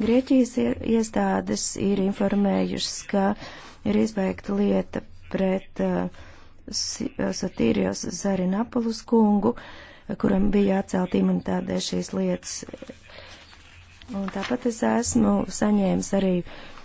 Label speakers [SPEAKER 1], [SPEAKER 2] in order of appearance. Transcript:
[SPEAKER 1] Grieķijas iestādes ir informējušas, ka ir izbeigta lieta pret uh, uh, Satīrijos Zarinapulus kungu, kuram bija atcelta imunitāte šīs lietas. Un tāpat es esmu saņēmis arī uh,